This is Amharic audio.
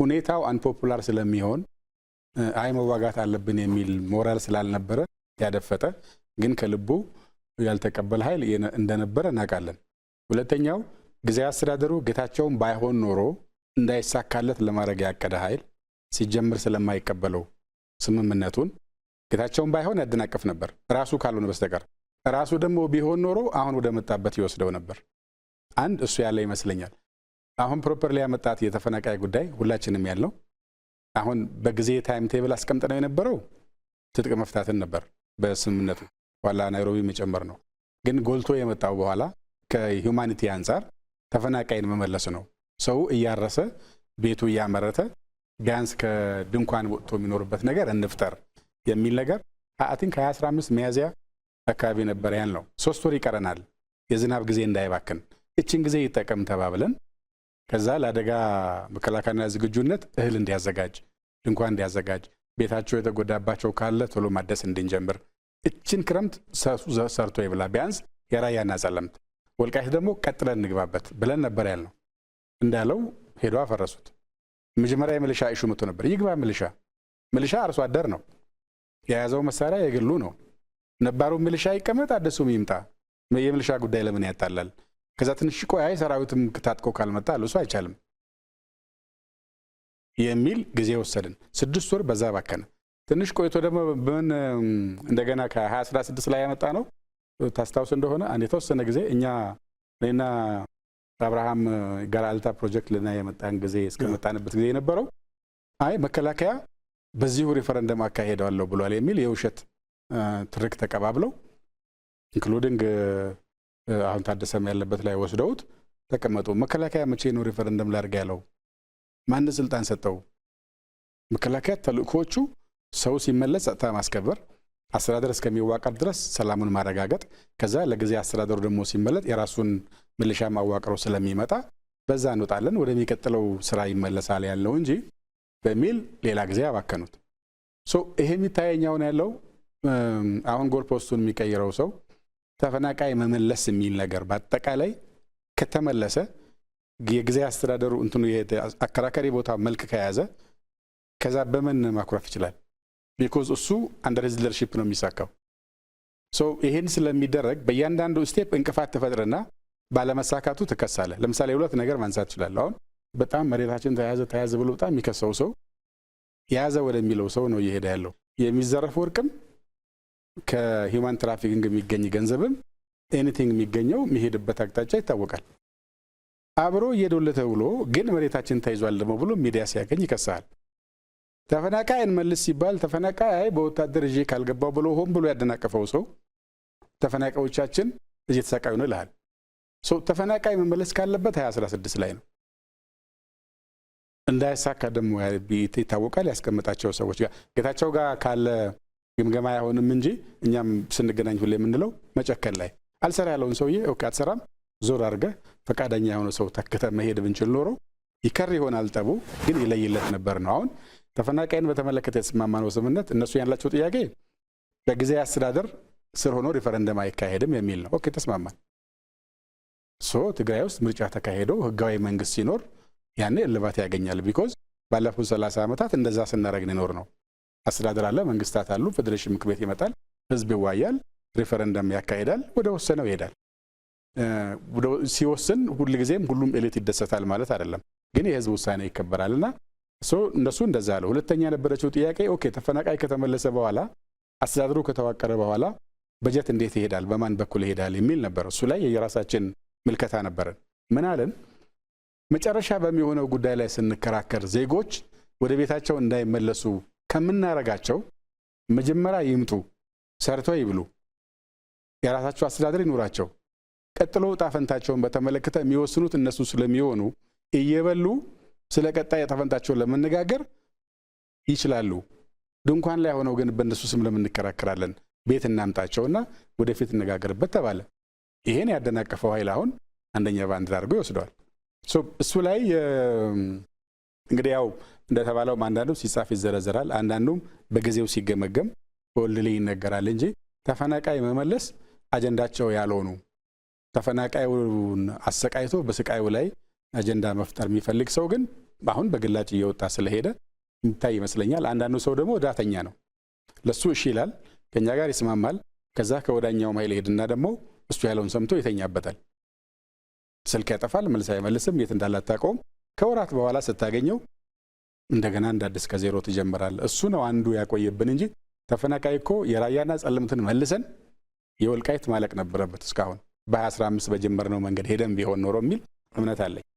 ሁኔታው አንፖፑላር ስለሚሆን አይ መዋጋት አለብን የሚል ሞራል ስላልነበረ ያደፈጠ ግን ከልቡ ያልተቀበለ ኃይል እንደነበረ እናውቃለን። ሁለተኛው ጊዜ አስተዳደሩ ጌታቸውን ባይሆን ኖሮ እንዳይሳካለት ለማድረግ ያቀደ ኃይል ሲጀምር ስለማይቀበለው ስምምነቱን ጌታቸውን ባይሆን ያደናቀፍ ነበር፣ ራሱ ካልሆነ በስተቀር ራሱ ደግሞ ቢሆን ኖሮ አሁን ወደ መጣበት ይወስደው ነበር። አንድ እሱ ያለ ይመስለኛል። አሁን ፕሮፐርሊ ያመጣት የተፈናቃይ ጉዳይ ሁላችንም ያለው አሁን በጊዜ ታይም ቴብል አስቀምጥነው የነበረው ትጥቅ መፍታትን ነበር በስምምነቱ ኋላ ናይሮቢ መጨመር ነው። ግን ጎልቶ የመጣው በኋላ ከሁማኒቲ አንጻር ተፈናቃይን መመለስ ነው። ሰው እያረሰ ቤቱ እያመረተ ቢያንስ ከድንኳን ወጥቶ የሚኖርበት ነገር እንፍጠር የሚል ነገር አቲንክ ከ2015 መያዝያ አካባቢ ነበር ያል ነው። ሶስት ወር ይቀረናል የዝናብ ጊዜ እንዳይባክን፣ እችን ጊዜ ይጠቀም ተባብለን ከዛ ለአደጋ መከላከልና ዝግጁነት እህል እንዲያዘጋጅ፣ ድንኳን እንዲያዘጋጅ፣ ቤታቸው የተጎዳባቸው ካለ ቶሎ ማደስ እንድንጀምር እችን ክረምት ሰርቶ ይብላ ቢያንስ የራያና ጸለምት ወልቃይት ደግሞ ቀጥለን እንግባበት ብለን ነበር ያልነው። እንዳለው ሄዶ አፈረሱት። መጀመሪያ የምልሻ እሹ መጥቶ ነበር። ይግባ ምልሻ። ምልሻ አርሶ አደር ነው የያዘው መሳሪያ የግሉ ነው። ነባሩ ምልሻ ይቀመጥ፣ አደሱም ይምጣ። የምልሻ ጉዳይ ለምን ያጣላል? ከዛ ትንሽ ቆይ ሰራዊትም ታጥቆ ካልመጣ ልሱ አይቻልም የሚል ጊዜ ወሰድን። ስድስት ወር በዛ ባከነ። ትንሽ ቆይቶ ደግሞ ምን እንደገና ከ2016 ላይ ያመጣ ነው ታስታውስ እንደሆነ አንድ የተወሰነ ጊዜ እኛ እኔና አብርሃም ጋላልታ ፕሮጀክት ልና የመጣን ጊዜ እስከመጣንበት ጊዜ የነበረው አይ መከላከያ በዚሁ ሪፈረንደም አካሄደዋለሁ ብሏል የሚል የውሸት ትርክ ተቀባብለው ኢንክሉዲንግ አሁን ታደሰም ያለበት ላይ ወስደውት ተቀመጡ። መከላከያ መቼ ነው ሪፈረንደም ላርግ ያለው? ማን ስልጣን ሰጠው? መከላከያ ተልእኮቹ ሰው ሲመለስ ጸጥታ ማስከበር፣ አስተዳደር እስከሚዋቀር ድረስ ሰላሙን ማረጋገጥ፣ ከዛ ለጊዜ አስተዳደሩ ደግሞ ሲመለጥ የራሱን ምልሻ ማዋቅሮ ስለሚመጣ በዛ እንወጣለን ወደሚቀጥለው ስራ ይመለሳል ያለው እንጂ በሚል ሌላ ጊዜ አባከኑት። ይሄ የሚታየኛውን ያለው አሁን ጎልፖስቱን የሚቀይረው ሰው ተፈናቃይ መመለስ የሚል ነገር በአጠቃላይ ከተመለሰ የጊዜ አስተዳደሩ እንትኑ አከራካሪ ቦታ መልክ ከያዘ ከዛ በምን ማኩረፍ ይችላል? ቢኮዝ እሱ አንደር ሂዝ ሊደርሺፕ ነው የሚሳካው። ሶ ይህን ስለሚደረግ በእያንዳንዱ ስቴፕ እንቅፋት ትፈጥርና ባለመሳካቱ ትከሳለ። ለምሳሌ ሁለት ነገር ማንሳት ይችላል። አሁን በጣም መሬታችን ተያዘ ተያዘ ብሎ በጣም የሚከሰው ሰው የያዘ ወደሚለው ሰው ነው እየሄደ ያለው። የሚዘረፍ ወርቅም ከሂውማን ትራፊኪንግ የሚገኝ ገንዘብም ኤኒቲንግ የሚገኘው የሚሄድበት አቅጣጫ ይታወቃል። አብሮ እየዶለ ተብሎ ግን መሬታችን ተይዟል ደሞ ብሎ ሚዲያ ሲያገኝ ይከሳል። ተፈናቃይን መልስ ሲባል ተፈናቃይ በወታደር ይዤ ካልገባው ብሎ ሆን ብሎ ያደናቀፈው ሰው ተፈናቃዮቻችን እየተሰቃዩ ነው ይልሃል። ተፈናቃይ መመለስ ካለበት 2016 ላይ ነው። እንዳይሳካ ደግሞ ይታወቃል። ያስቀመጣቸው ሰዎች ጋር ጌታቸው ጋር ካለ ግምገማ አይሆንም እንጂ እኛም ስንገናኝ ሁሌ የምንለው መጨከል ላይ አልሰራ ያለውን ሰውዬ እውቅ አትሰራም፣ ዞር አድርገ ፈቃደኛ የሆነ ሰው ተክተ መሄድ ብንችል ኖሮ ይከር ይሆናል ጠቡ፣ ግን ይለይለት ነበር ነው። አሁን ተፈናቃይን በተመለከተ የተስማማነው ስምምነት እነሱ ያላቸው ጥያቄ በጊዜያዊ አስተዳደር ስር ሆኖ ሪፈረንደም አይካሄድም የሚል ነው። ኦኬ ተስማማን። ሶ ትግራይ ውስጥ ምርጫ ተካሄዶ ህጋዊ መንግስት ሲኖር ያኔ እልባት ያገኛል። ቢኮዝ ባለፉት ሰላሳ ዓመታት እንደዛ ስናደረግ ይኖር ነው። አስተዳደር አለ፣ መንግስታት አሉ፣ ፌዴሬሽን ምክር ቤት ይመጣል፣ ህዝብ ይዋያል፣ ሪፈረንደም ያካሂዳል፣ ወደ ወሰነው ይሄዳል። ሲወስን ሁልጊዜም ሁሉም ኤሊት ይደሰታል ማለት አይደለም፣ ግን የህዝብ ውሳኔ ይከበራልና እነሱ እንደዛ አለ። ሁለተኛ የነበረችው ጥያቄ ኦኬ፣ ተፈናቃይ ከተመለሰ በኋላ አስተዳድሩ ከተዋቀረ በኋላ በጀት እንዴት ይሄዳል፣ በማን በኩል ይሄዳል የሚል ነበር። እሱ ላይ የራሳችን ምልከታ ነበረን። ምን አለን? መጨረሻ በሚሆነው ጉዳይ ላይ ስንከራከር ዜጎች ወደ ቤታቸው እንዳይመለሱ ከምናረጋቸው መጀመሪያ ይምጡ፣ ሰርተው ይብሉ፣ የራሳቸው አስተዳደር ይኖራቸው፣ ቀጥሎ ዕጣ ፈንታቸውን በተመለከተ የሚወስኑት እነሱ ስለሚሆኑ እየበሉ ስለ ቀጣይ ዕጣ ፈንታቸውን ለመነጋገር ይችላሉ። ድንኳን ላይ ሆነው ግን በእነሱ ስም ለምን እንከራከራለን? ቤት እናምጣቸውና ወደፊት እነጋገርበት ተባለ። ይሄን ያደናቀፈው ኃይል አሁን አንደኛ ባንዲራ አድርጎ ይወስደዋል። እሱ ላይ እንግዲህ ያው እንደተባለውም አንዳንዱ ሲጻፍ ይዘረዘራል፣ አንዳንዱም በጊዜው ሲገመገም በወልድ ላይ ይነገራል እንጂ ተፈናቃይ መመለስ አጀንዳቸው ያልሆኑ ተፈናቃዩን አሰቃይቶ በስቃዩ ላይ አጀንዳ መፍጠር የሚፈልግ ሰው ግን አሁን በግላጭ እየወጣ ስለሄደ የሚታይ ይመስለኛል። አንዳንዱ ሰው ደግሞ ዳተኛ ነው። ለሱ እሺ ይላል፣ ከእኛ ጋር ይስማማል። ከዛ ከወዳኛው ማይል ሄድና ደግሞ እሱ ያለውን ሰምቶ ይተኛበታል። ስልክ ያጠፋል፣ መልስ አይመልስም፣ የት እንዳላታቀውም ከወራት በኋላ ስታገኘው እንደገና እንደ አዲስ ከዜሮ ትጀምራለህ። እሱ ነው አንዱ ያቆየብን እንጂ ተፈናቃይ እኮ የራያና ጸለምትን መልሰን የወልቃይት ማለቅ ነበረበት እስካሁን በ2015 በጀመርነው መንገድ ሄደን ቢሆን ኖሮ የሚል እምነት አለኝ።